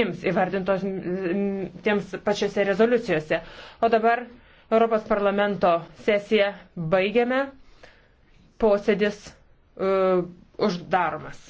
ims įvardintos tiems pačiose rezoliucijose. O dabar Europos parlamento sesiją baigiame, posėdis uh, uždaromas.